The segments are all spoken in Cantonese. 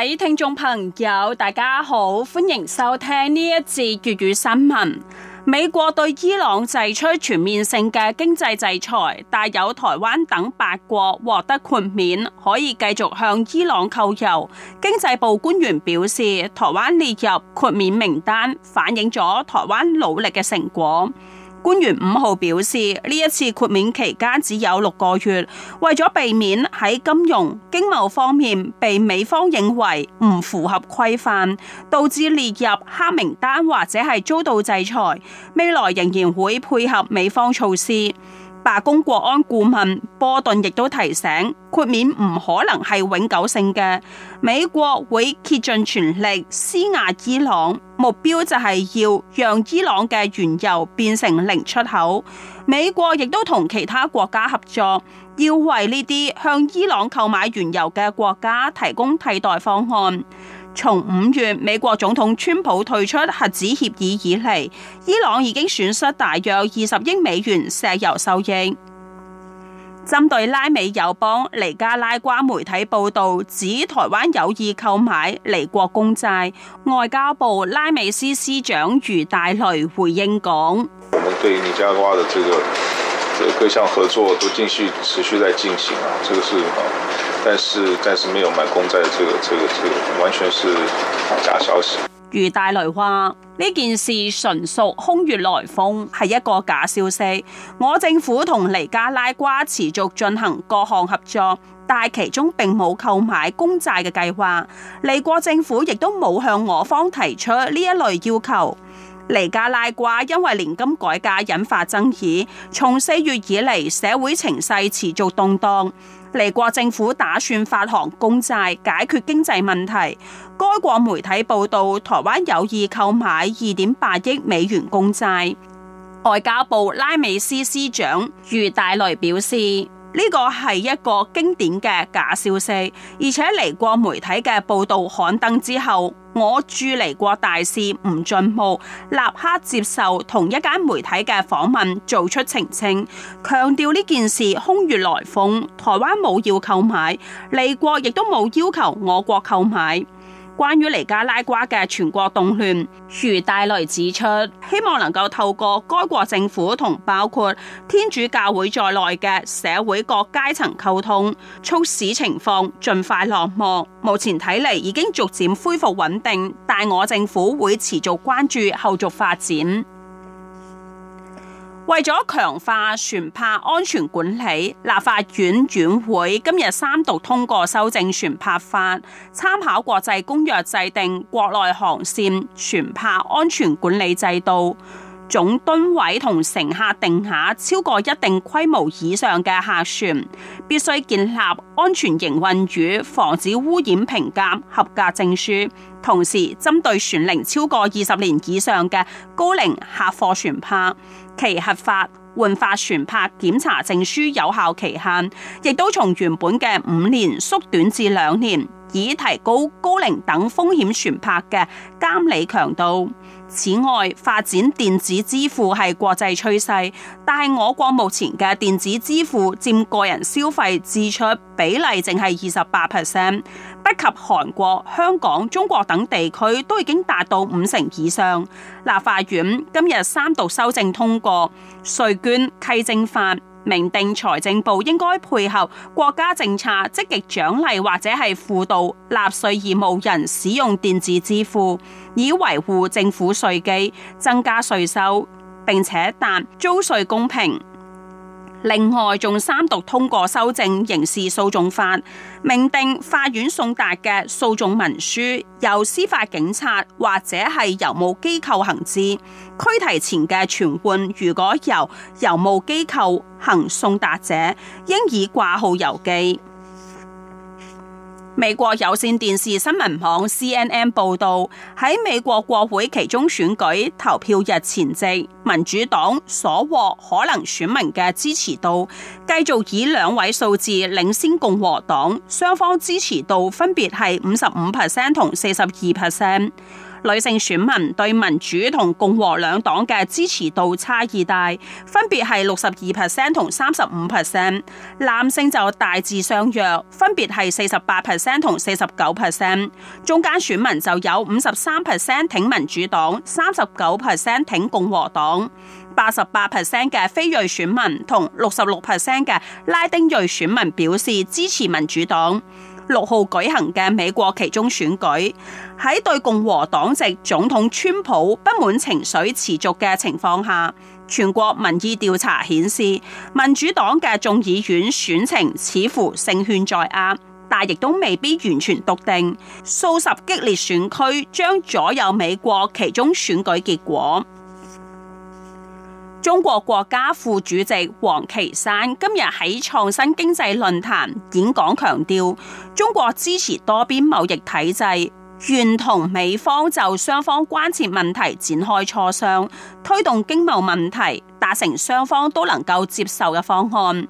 位聽眾朋友，大家好，歡迎收聽呢一節粵語新聞。美國對伊朗提出全面性嘅經濟制裁，但有台灣等八國獲得豁免，可以繼續向伊朗購油。經濟部官員表示，台灣列入豁免名單，反映咗台灣努力嘅成果。官員五號表示，呢一次豁免期間只有六個月，為咗避免喺金融、經貿方面被美方認為唔符合規範，導致列入黑名單或者係遭到制裁，未來仍然會配合美方措施。罷工國安顧問波頓亦都提醒，豁免唔可能係永久性嘅。美國會竭盡全力施壓伊朗，目標就係要讓伊朗嘅原油變成零出口。美國亦都同其他國家合作，要為呢啲向伊朗購買原油嘅國家提供替代方案。從五月美國總統川普退出核子協議以來，伊朗已經損失大約二十億美元石油收益。針對拉美友邦尼加拉瓜媒體報道指台灣有意購買尼國公債，外交部拉美司司長余大雷回應講。我們對各項合作都繼續持續在進行啊，這個是，但是但是沒有買公債，這個這個這個完全是假消息。余大雷話呢件事純屬空穴來風，係一個假消息。我政府同尼加拉瓜持續進行各項合作，但其中並冇購買公債嘅計劃，尼國政府亦都冇向我方提出呢一類要求。尼加拉瓜因為年金改革引發爭議，從四月以嚟社會情勢持續動盪。尼國政府打算發行公債解決經濟問題。該國媒體報道，台灣有意購買二點八億美元公債。外交部拉美司司長余大雷表示：呢、這個係一個經典嘅假消息，而且尼國媒體嘅報道刊登之後。我駐尼國大使吳進木，立刻接受同一間媒體嘅訪問，做出澄清，強調呢件事空穴來風，台灣冇要購買，尼國亦都冇要求我國購買。關於尼加拉瓜嘅全國動亂，徐大雷指出，希望能夠透過該國政府同包括天主教會在內嘅社會各階層溝通，促使情況盡快落幕。目前睇嚟已經逐漸恢復穩定，但我政府會持續關注後續發展。為咗強化船舶安全管理，立法院院會今日三讀通過修正船舶法，參考國際公約制定國內航線船舶安全管理制度。總噸位同乘客定下超過一定規模以上嘅客船，必須建立安全營運與防止污染評鑑合格證書。同時，針對船齡超過二十年以上嘅高齡客貨船舶其核發、換發船舶檢查證書有效期限，亦都從原本嘅五年縮短至兩年。以提高高齡等風險船舶嘅監理強度。此外，發展電子支付係國際趨勢，但係我國目前嘅電子支付佔個人消費支出比例淨係二十八 percent，不及韓國、香港、中國等地區都已經達到五成以上。立法院今日三讀修正通過稅捐稽徵法，明定財政部應該配合國家政策，積極獎勵或者係輔導納稅義務人使用電子支付，以維護政府稅基、增加稅收，並且達租稅公平。另外，仲三讀通過修正刑事訴訟法，明定法院送達嘅訴訟文書由司法警察或者係郵務機構行之。拘提前嘅傳喚，如果由郵務機構行送達者，應以掛號郵寄。美國有線電視新聞網 CNN 報道，喺美國國會期中選舉投票日前夕，民主黨所獲可能選民嘅支持度繼續以兩位數字領先共和黨，雙方支持度分別係五十五 percent 同四十二 percent。女性選民對民主同共和兩黨嘅支持度差異大，分別係六十二 percent 同三十五 percent；男性就大致相若，分別係四十八 percent 同四十九 percent。中間選民就有五十三 percent 挺民主黨，三十九 percent 挺共和黨。八十八 percent 嘅非裔選民同六十六 percent 嘅拉丁裔選民表示支持民主黨。六號舉行嘅美國期中選舉，喺對共和黨籍總統川普不滿情緒持續嘅情況下，全國民意調查顯示，民主黨嘅眾議院選情似乎勝券在握，但亦都未必完全篤定。數十激烈選區將左右美國期中選舉結果。中國國家副主席王岐山今日喺創新經濟論壇演講強調，中國支持多邊貿易體制，願同美方就雙方關切問題展開磋商，推動經貿問題達成雙方都能夠接受嘅方案。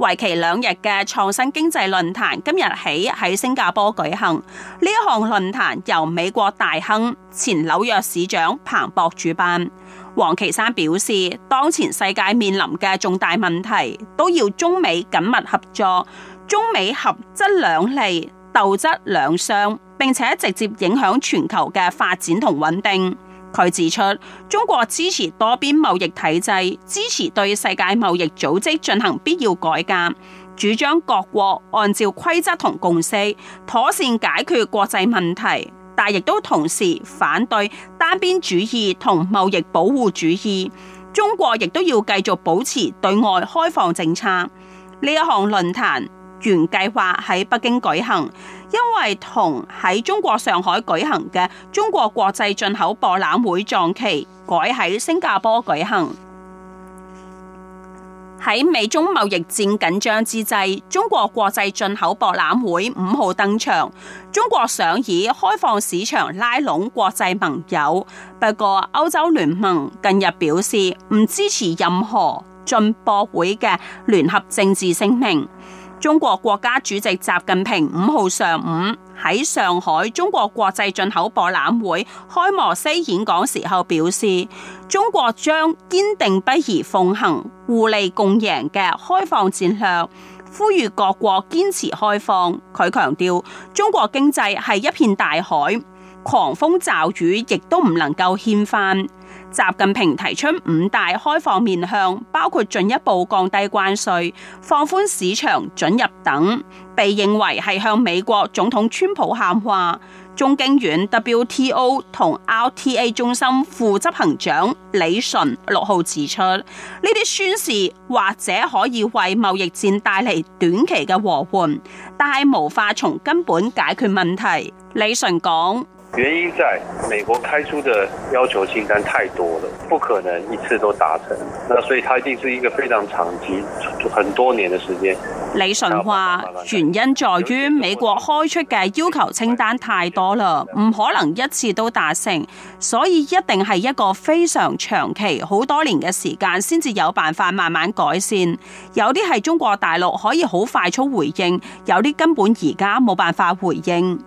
為期兩日嘅創新經濟論壇今日起喺新加坡舉行。呢一項論壇由美國大亨、前紐約市長彭博主辦。王岐山表示，當前世界面臨嘅重大問題都要中美緊密合作，中美合則兩利，鬥則兩傷，並且直接影響全球嘅發展同穩定。佢指出，中國支持多邊貿易體制，支持對世界貿易組織進行必要改革，主張各國按照規則同共識妥善解決國際問題，但亦都同時反對單邊主義同貿易保護主義。中國亦都要繼續保持對外開放政策。呢一項論壇原計劃喺北京舉行。因為同喺中國上海舉行嘅中國國際進口博覽會撞期，改喺新加坡舉行。喺美中貿易戰緊張之際，中國國際進口博覽會五號登場。中國想以開放市場拉攏國際盟友，不過歐洲聯盟近日表示唔支持任何進博會嘅聯合政治聲明。中國國家主席習近平五號上午喺上海中國國際進口博覽會開幕式演講時候表示，中國將堅定不移奉行互利共贏嘅開放戰略，呼籲各國堅持開放。佢強調，中國經濟係一片大海，狂風驟雨亦都唔能夠掀翻。習近平提出五大開放面向，包括進一步降低關稅、放寬市場準入等，被認為係向美國總統川普喊話。中經院 WTO 同 RTA 中心副執行長李淳六號指出，呢啲宣示或者可以為貿易戰帶嚟短期嘅和緩，但係無法從根本解決問題。李淳講。原因在美國開出的要求清單太多了，不可能一次都達成。那所以，它一定是一個非常長期、很多年的時間。李純話：原因在於美國開出嘅要求清單太多了，唔可能一次都達成，所以一定係一個非常長期、好多年嘅時間先至有辦法慢慢改善。有啲係中國大陸可以好快速回應，有啲根本而家冇辦法回應。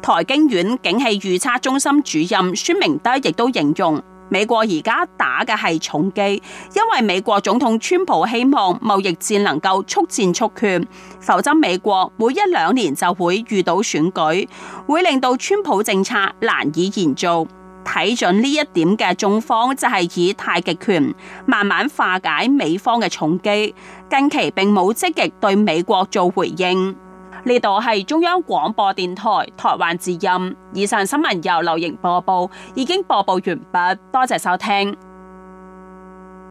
台經院景氣預測中心主任孫明德亦都形容，美國而家打嘅係重擊，因為美國總統川普希望貿易戰能夠速戰速決，否則美國每一兩年就會遇到選舉，會令到川普政策難以延續。睇準呢一點嘅中方就係以太極拳慢慢化解美方嘅重擊，近期並冇積極對美國做回應。呢度係中央廣播電台台灣之音，以上新聞由劉瑩播報，已經播報完畢，多謝收聽。